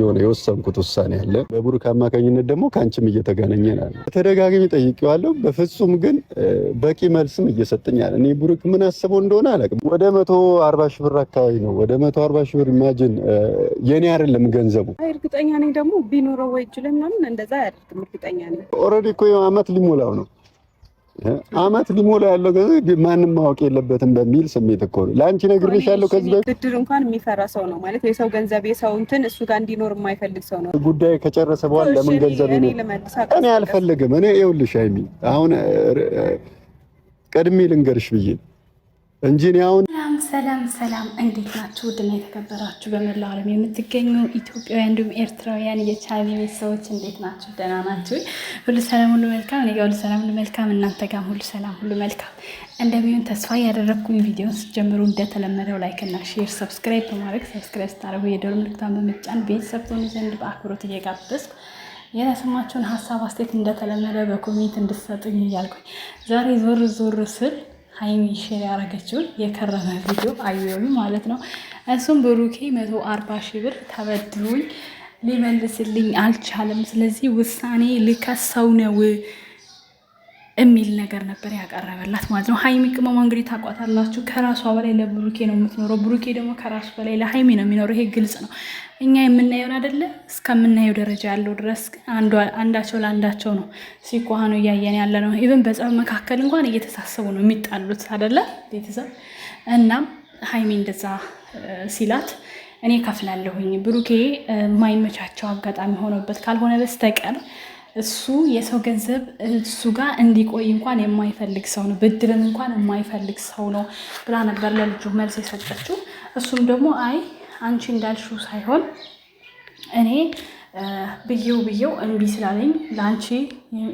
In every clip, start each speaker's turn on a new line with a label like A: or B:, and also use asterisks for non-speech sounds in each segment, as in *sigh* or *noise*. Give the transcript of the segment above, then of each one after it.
A: የሆነ የወሰንኩት ውሳኔ አለ። በብሩክ አማካኝነት ደግሞ ከአንቺም እየተገናኘ አለ። በተደጋጋሚ ጠይቄዋለሁ። በፍጹም ግን በቂ መልስም እየሰጠኝ እኔ ብሩክ ምን አስበው እንደሆነ አላውቅም። ወደ መቶ አርባ ሺህ ብር አካባቢ ነው። ወደ መቶ አርባ ሺህ ብር ኢማጅን የኔ አይደለም ገንዘቡ።
B: እርግጠኛ ነኝ ደግሞ ቢኖረው ወይ እጅ ምናምን እንደዛ አያደርግም። እርግጠኛ ነኝ።
A: ኦልሬዲ እኮ ዓመት ሊሞላው ነው አመት ሊሞላ ያለው ገንዘብ ማንም ማወቅ የለበትም በሚል ስሜት እኮ ነው። ለአንቺ ነግሬሻለሁ። ከዚህ በፊት
B: ብድር እንኳን የሚፈራ ሰው ነው ማለት የሰው ገንዘብ የሰው እንትን እሱ ጋር እንዲኖር የማይፈልግ ሰው ነው።
A: ጉዳይ ከጨረሰ በኋላ ለምን ገንዘብ ነው እኔ አልፈልግም። እኔ ይኸውልሽ ሀይሚ አሁን ቀድሜ ልንገርሽ ብዬ እንጂ እኔ አሁን
B: ሰላም ሰላም፣ እንዴት ናችሁ? ውድና የተከበራችሁ በመላው ዓለም የምትገኙ ኢትዮጵያውያን እንዲሁም ኤርትራውያን የቻቢ ሰዎች እንዴት ናችሁ? ደህና ናችሁ? ሁሉ ሰላም፣ ሁሉ መልካም። እኔ ጋር ሁሉ ሰላም፣ ሁሉ መልካም። እናንተ ጋም ሁሉ ሰላም፣ ሁሉ መልካም እንደሚሆን ተስፋ ያደረግኩኝ። ቪዲዮን ስትጀምሩ እንደተለመደው ላይክ እና ሼር፣ ሰብስክራይብ በማድረግ ሰብስክራይብ ስታደርጉ የደወል ምልክቷን በመጫን ቤተሰብ ትሆኑ ዘንድ በአክብሮት እየጋበዝኩ የተሰማችሁን ሀሳብ አስተያየት እንደተለመደ በኮሜንት እንድትሰጡኝ እያልኩኝ ዛሬ ዞር ዞር ስል ሀይሚ ሼር ያደረገችውን የከረመ ቪዲዮ አየሁኝ ማለት ነው። እሱም ብሩኬ መቶ አርባ ሺህ ብር ተበድሮኝ ሊመልስልኝ አልቻለም። ስለዚህ ውሳኔ ልከሰው ነው የሚል ነገር ነበር ያቀረበላት ማለት ነው። ሀይሚ ቅመሟ እንግዲህ ታውቋታላችሁ። ከራሷ በላይ ለብሩኬ ነው የምትኖረው፣ ብሩኬ ደግሞ ከራሱ በላይ ለሀይሚ ነው የሚኖረው። ይሄ ግልጽ ነው። እኛ የምናየውን አይደለ እስከምናየው ደረጃ ያለው ድረስ አንዳቸው ለአንዳቸው ነው ነው እያየን ያለ ነው። ኢቨን በጸብ መካከል እንኳን እየተሳሰቡ ነው የሚጣሉት አይደለ ቤተሰብ። እናም ሀይሚ እንደዛ ሲላት እኔ ከፍላለሁኝ ብሩኬ የማይመቻቸው አጋጣሚ ሆነበት ካልሆነ በስተቀር እሱ የሰው ገንዘብ እሱ ጋር እንዲቆይ እንኳን የማይፈልግ ሰው ነው፣ ብድርን እንኳን የማይፈልግ ሰው ነው ብላ ነበር ለልጁ መልስ የሰጠችው። እሱም ደግሞ አይ አንቺ እንዳልሽው ሳይሆን እኔ ብዬው ብዬው እምቢ ስላለኝ ለአንቺ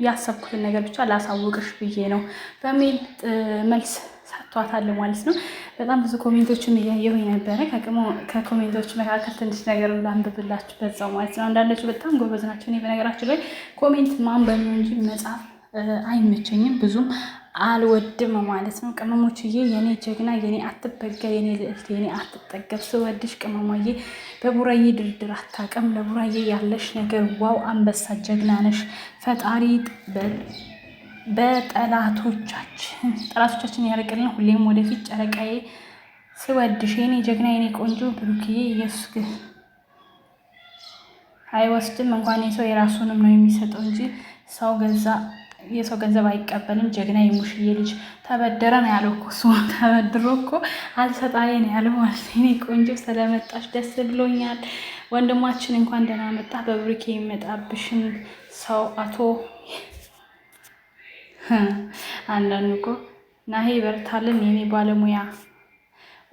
B: ያሰብኩትን ነገር ብቻ ላሳውቅሽ ብዬ ነው በሚል መልስ ሰጥቷታል ማለት ነው። በጣም ብዙ ኮሜንቶችን እያየሁ ነበረ። ከኮሜንቶች መካከል ትንሽ ነገር ላንብብላችሁ በዛው ማለት ነው። አንዳንዶቹ በጣም ጎበዝ ናቸው። እኔ በነገራችሁ ላይ ኮሜንት ማንበብ ነው እንጂ መጻፍ አይመቸኝም ብዙም አልወድም ማለት ነው። ቅመሞችዬ የኔ ጀግና፣ የኔ አትበጋ፣ የኔ ልዕልት፣ የኔ አትጠገብ ስወድሽ ቅመሞዬ፣ በቡራዬ ድርድር አታቅም ለቡራዬ ያለሽ ነገር ዋው! አንበሳ ጀግና ነሽ ፈጣሪ በጠላቶቻችን ጠላቶቻችን ያርቅልን። ሁሌም ወደፊት ጨረቃዬ ስወድሽ የኔ ጀግና የኔ ቆንጆ ብሩክዬ ኢየሱስ አይወስድም። እንኳን የሰው የራሱንም ነው የሚሰጠው እንጂ ሰው ገዛ የሰው ገንዘብ አይቀበልም። ጀግና የሙሽዬ ልጅ ተበደረ ነው ያለው እኮ እሱ *laughs* ተበድሮ እኮ አልሰጣሌ ነው ያለው ማለት ቆንጆ ስለመጣሽ ደስ ብሎኛል። ወንድማችን እንኳን ደህና መጣ። በብሩኬ የሚመጣብሽን ሰው አቶ አንዳንዱ እኮ ናሄ በርታልን የኔ ባለሙያ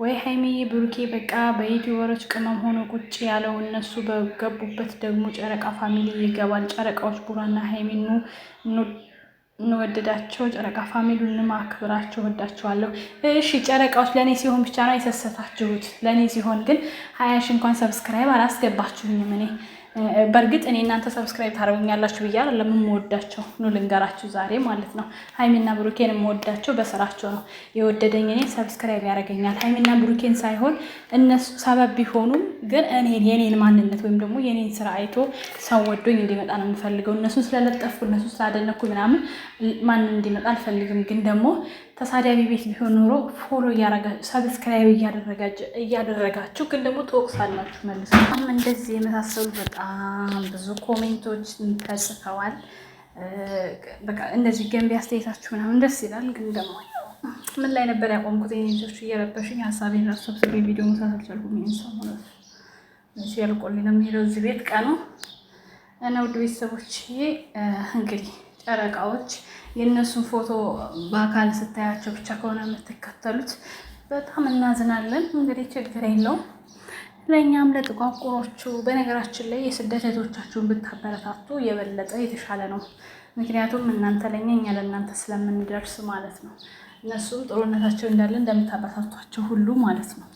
B: ወይ ሀይሚዬ ብሩኬ በቃ በዩቲዩበሮች ቅመም ሆኖ ቁጭ ያለው እነሱ በገቡበት ደግሞ ጨረቃ ፋሚሊ ይገባል። ጨረቃዎች ቡራና ሀይሚ እንወደዳቸው። ጨረቃ ፋሚሉ እንማክብራቸው፣ ወዳቸዋለሁ። እሺ ጨረቃዎች ለእኔ ሲሆን ብቻ ነው የሰሰታችሁት። ለእኔ ሲሆን ግን ሀያ ሺ እንኳን ሰብስክራይብ አላስገባችሁኝም እኔ በእርግጥ እኔ እናንተ ሰብስክራይብ ታደርጉኛላችሁ ብያል ለምንወዳቸው ኑ ልንገራችሁ ዛሬ ማለት ነው። ሀይሚና ብሩኬን የምወዳቸው በስራቸው ነው። የወደደኝ እኔ ሰብስክራይብ ያደርገኛል። ሀይሚና ብሩኬን ሳይሆን እነሱ ሰበብ ቢሆኑም ግን እኔን የኔን ማንነት ወይም ደግሞ የኔን ስራ አይቶ ሰው ወዶኝ እንዲመጣ ነው የምፈልገው። እነሱን ስለለጠፍኩ እነሱን ስላደነኩ ምናምን ማንን እንዲመጣ አልፈልግም። ግን ደግሞ ተሳዳቢ ቤት ቢሆን ኖሮ ፎሎ ሰብስክራይብ እያደረጋችሁ ግን ደግሞ ትወቅሳላችሁ መልሶ እንደዚህ የመሳሰሉ በጣም በጣም ብዙ ኮሜንቶች ተጽፈዋል። በቃ እንደዚህ ገንቢ አስተያየታችሁ ምናምን ደስ ይላል። ግን ደግሞ ምን ላይ ነበር ያቆምኩት? ልጆቹ እየረበሽኝ ሀሳቤን ራሱ ቪዲዮ መስራት አልቻልኩም። ሰሞኑን ያልቆልኝ ነው የሚሄደው እዚህ ቤት ቀኑ እና ውድ ቤተሰቦች እንግዲህ ጨረቃዎች የእነሱን ፎቶ በአካል ስታያቸው ብቻ ከሆነ የምትከተሉት በጣም እናዝናለን። እንግዲህ ችግር የለውም ለእኛም ለጥቋቁሮቹ በነገራችን ላይ የስደት እህቶቻችሁን ብታበረታቱ የበለጠ የተሻለ ነው። ምክንያቱም እናንተ ለኛ እኛ ለእናንተ ስለምንደርስ ማለት ነው። እነሱም ጥሩነታቸው እንዳለ እንደምታበረታቷቸው ሁሉ ማለት ነው።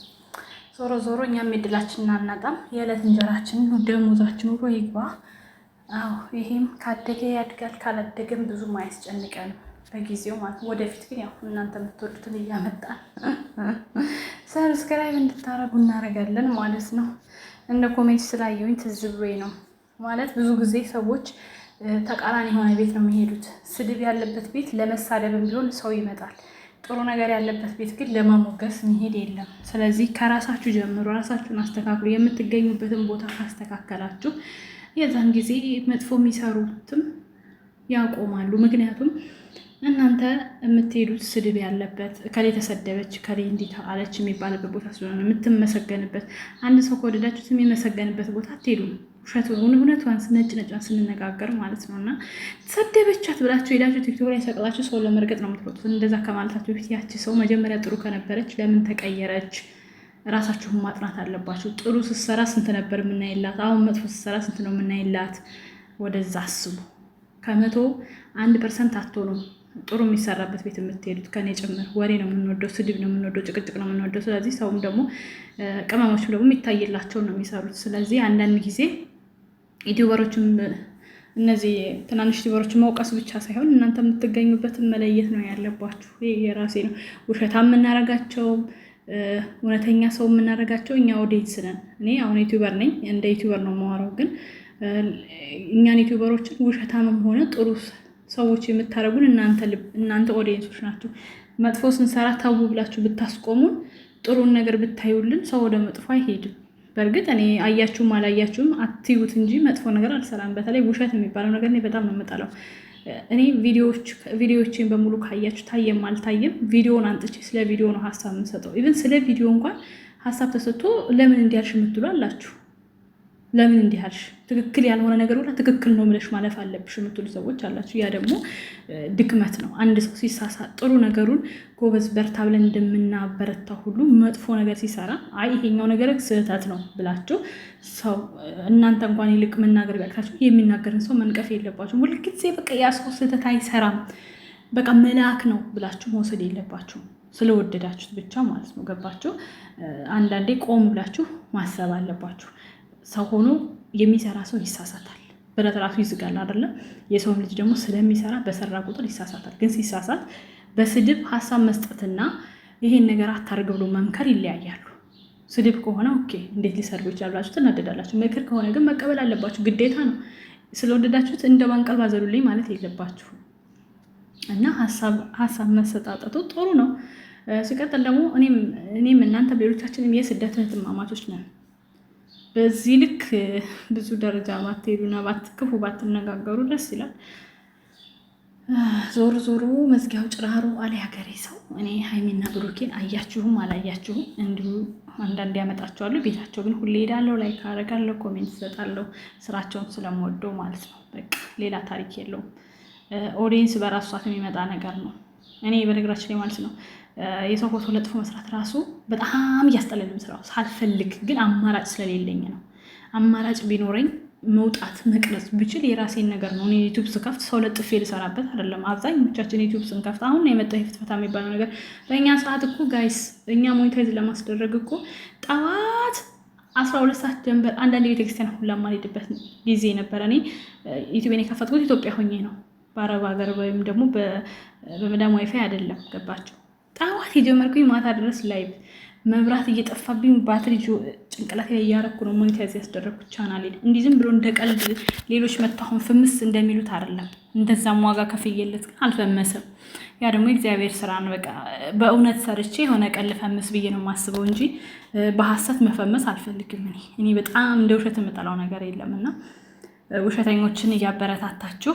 B: ዞሮ ዞሮ እኛም የድላችንን አናጣም። የዕለት እንጀራችንን ደሞዛችን ኑሮ ይግባ። አዎ ይሄም ካደገ ያድጋል፣ ካላደገም ብዙም አያስጨንቀንም በጊዜው ማለት ነው። ወደፊት ግን ያው እናንተ የምትወዱትን እያመጣን ሰብስክራይብ እንድታረጉ እናደርጋለን ማለት ነው። እንደ ኮሜንት ስላየውኝ ትዝ ብሎኝ ነው ማለት ብዙ ጊዜ ሰዎች ተቃራኒ የሆነ ቤት ነው የሚሄዱት። ስድብ ያለበት ቤት ለመሳደብም ቢሆን ሰው ይመጣል። ጥሩ ነገር ያለበት ቤት ግን ለማሞገስ መሄድ የለም። ስለዚህ ከራሳችሁ ጀምሮ ራሳችሁን አስተካክሉ። የምትገኙበትን ቦታ ካስተካከላችሁ የዛን ጊዜ መጥፎ የሚሰሩትም ያቆማሉ። ምክንያቱም እናንተ የምትሄዱት ስድብ ያለበት ከሌ ተሰደበች ከሌ እንዲህ አለች የሚባልበት ቦታ ስለሆነ የምትመሰገንበት አንድ ሰው ከወደዳችሁት የሚመሰገንበት ቦታ አትሄዱም። ውሸቱን እውነቷን ነጭ ነጫን ስንነጋገር ማለት ነው። እና ተሰደበቻት ብላችሁ ሄዳችሁ ቲክቶክ ላይ ሰቅላችሁ ሰው ለመርገጥ ነው የምትሮጡት። እንደዛ ከማለታችሁ በፊት ያቺ ሰው መጀመሪያ ጥሩ ከነበረች ለምን ተቀየረች? ራሳችሁን ማጥናት አለባችሁ። ጥሩ ስትሰራ ስንት ነበር የምናይላት? አሁን መጥፎ ስትሰራ ስንት ነው የምናይላት? ወደዛ አስቡ። ከመቶ አንድ ፐርሰንት አትሆኑም። ጥሩ የሚሰራበት ቤት የምትሄዱት ከኔ ጭምር። ወሬ ነው የምንወደው፣ ስድብ ነው የምንወደው፣ ጭቅጭቅ ነው የምንወደው። ስለዚህ ሰውም ደግሞ ቅመሞችም ደግሞ የሚታይላቸው ነው የሚሰሩት። ስለዚህ አንዳንድ ጊዜ ዩቲዩበሮችም እነዚህ ትናንሽ ዩቲዩበሮች መውቀስ ብቻ ሳይሆን እናንተ የምትገኙበትን መለየት ነው ያለባችሁ። የራሴ ነው ውሸታ የምናረጋቸው እውነተኛ ሰው የምናደርጋቸው እኛ ኦዲየንስ ነን። እኔ አሁን ዩቲዩበር ነኝ፣ እንደ ዩቲዩበር ነው የማወራው። ግን እኛን ዩቲዩበሮችን ውሸታምም ሆነ ጥሩ ሰዎች የምታደርጉን እናንተ ኦዲየንሶች ናቸው። መጥፎ ስንሰራ ተው ብላችሁ ብታስቆሙን፣ ጥሩን ነገር ብታዩልን ሰው ወደ መጥፎ አይሄድም። በእርግጥ እኔ አያችሁም አላያችሁም አትዩት እንጂ መጥፎ ነገር አልሰራም። በተለይ ውሸት የሚባለው ነገር እኔ በጣም ነው የምጠላው። እኔ ቪዲዮዎችን በሙሉ ካያችሁ ታየም አልታየም ቪዲዮን አንጥቼ ስለ ቪዲዮ ነው ሀሳብ የምሰጠው። ኢቨን ስለ ቪዲዮ እንኳን ሀሳብ ተሰጥቶ ለምን እንዲያልሽ የምትሉ አላችሁ ለምን እንዲህ አልሽ? ትክክል ያልሆነ ነገር ሁላ ትክክል ነው ብለሽ ማለፍ አለብሽ የምትሉ ሰዎች አላችሁ። ያ ደግሞ ድክመት ነው። አንድ ሰው ሲሳሳት ጥሩ ነገሩን ጎበዝ፣ በርታ ብለን እንደምናበረታ ሁሉ መጥፎ ነገር ሲሰራ አይ ይሄኛው ነገር ስህተት ነው ብላችሁ ሰው እናንተ እንኳን ይልቅ መናገር ቢያቅታችሁ የሚናገርን ሰው መንቀፍ የለባችሁም። ሁልጊዜ በቃ ያ ሰው ስህተት አይሰራም በቃ መልአክ ነው ብላችሁ መውሰድ የለባችሁም። ስለወደዳችሁት ብቻ ማለት ነው። ገባችሁ? አንዳንዴ ቆም ብላችሁ ማሰብ አለባችሁ። ሰው ሆኖ የሚሰራ ሰው ይሳሳታል። ብረት ራሱ ይዝጋል አይደለ? የሰውም ልጅ ደግሞ ስለሚሰራ በሰራ ቁጥር ይሳሳታል። ግን ሲሳሳት በስድብ ሀሳብ መስጠትና ይሄን ነገር አታርግ ብሎ መምከር ይለያያሉ። ስድብ ከሆነ ኦኬ እንዴት ሊሰርቡ ይችላላችሁ፣ ትናደዳላችሁ። ምክር ከሆነ ግን መቀበል አለባችሁ፣ ግዴታ ነው። ስለወደዳችሁት እንደ ባንቀልባ ዘሉልኝ ማለት የለባችሁ እና ሀሳብ መሰጣጠቱ ጥሩ ነው። ሲቀጥል ደግሞ እኔም እናንተ ሌሎቻችንም የስደት እህትማማቾች ነን። በዚህ ልክ ብዙ ደረጃ ባትሄዱና ባትክፉ ባትነጋገሩ ደስ ይላል። ዞሮ ዞሮ መዝጊያው ጭራሩ አለ ሀገሬ ሰው። እኔ ሀይሚና ብሩኬን አያችሁም አላያችሁም እንዲሁ አንዳንድ ያመጣችኋሉ ቤታቸው ግን ሁሌ ሄዳለሁ፣ ላይክ አደርጋለሁ፣ ኮሜንት ሰጣለሁ። ስራቸውን ስለምወደው ማለት ነው። በቃ ሌላ ታሪክ የለውም። ኦዲየንስ በራሱ ሰዓት የሚመጣ ነገር ነው። እኔ በነገራችን ላይ ማለት ነው የሰው ፎቶ ለጥፎ መስራት ራሱ በጣም እያስጠላኝ ነው የምሰራው ሳልፈልግ፣ ግን አማራጭ ስለሌለኝ ነው። አማራጭ ቢኖረኝ መውጣት መቅረጽ ብችል የራሴን ነገር ነው። እኔ ዩቱብ ስከፍት ሰው ለጥፌ ልሰራበት አይደለም። አብዛኞቻችን ዩቱብ ስንከፍት አሁን የመጣው ፍትፈታ የሚባለው ነገር በእኛ ሰዓት እኮ ጋይስ፣ እኛ ሞኒታይዝ ለማስደረግ እኮ ጠዋት አስራ ሁለት ሰዓት ጀንበር አንዳንድ ቤተክርስቲያን ሁላ ማልሄድበት ጊዜ ነበረ። እኔ ዩቱብን የከፈትኩት ኢትዮጵያ ሆኜ ነው፣ በአረብ ሀገር ወይም ደግሞ በመዳም ዋይፋይ አይደለም። ገባቸው ጠዋት የጀመርኩኝ ማታ ድረስ ላይቭ መብራት እየጠፋብኝ ባትሪ ጭንቅላት ላይ እያረኩ ነው ሞኒታይዝ ያስደረግኩት ቻናሌን። እንዲህ ዝም ብሎ እንደ ቀልድ ሌሎች መታሁን ፍምስ እንደሚሉት አይደለም። እንደዛም ዋጋ ከፍየለት ግን አልፈመስም። ያ ደግሞ የእግዚአብሔር ስራ ነው። በቃ በእውነት ሰርቼ የሆነ ቀል ፈምስ ብዬ ነው የማስበው እንጂ በሀሰት መፈመስ አልፈልግም። እኔ እኔ በጣም እንደ ውሸት የምጠላው ነገር የለም እና ውሸተኞችን እያበረታታችሁ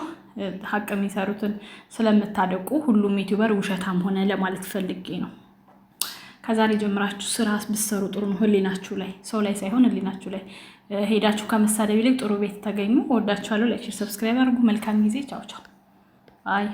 B: ሀቅ የሚሰሩትን ስለምታደቁ ሁሉም ዩቲዩበር ውሸታም ሆነ ለማለት ፈልጌ ነው። ከዛሬ ጀምራችሁ ስራ ብትሰሩ ጥሩ ነው። ህሊናችሁ ላይ ሰው ላይ ሳይሆን ህሊናችሁ ላይ ሄዳችሁ ከመሳደብ ይልቅ ጥሩ ቤት ተገኙ። ወዳችኋለሁ። ላይክ፣ ሰብስክራይብ አድርጉ። መልካም ጊዜ። ቻው ቻው። አይ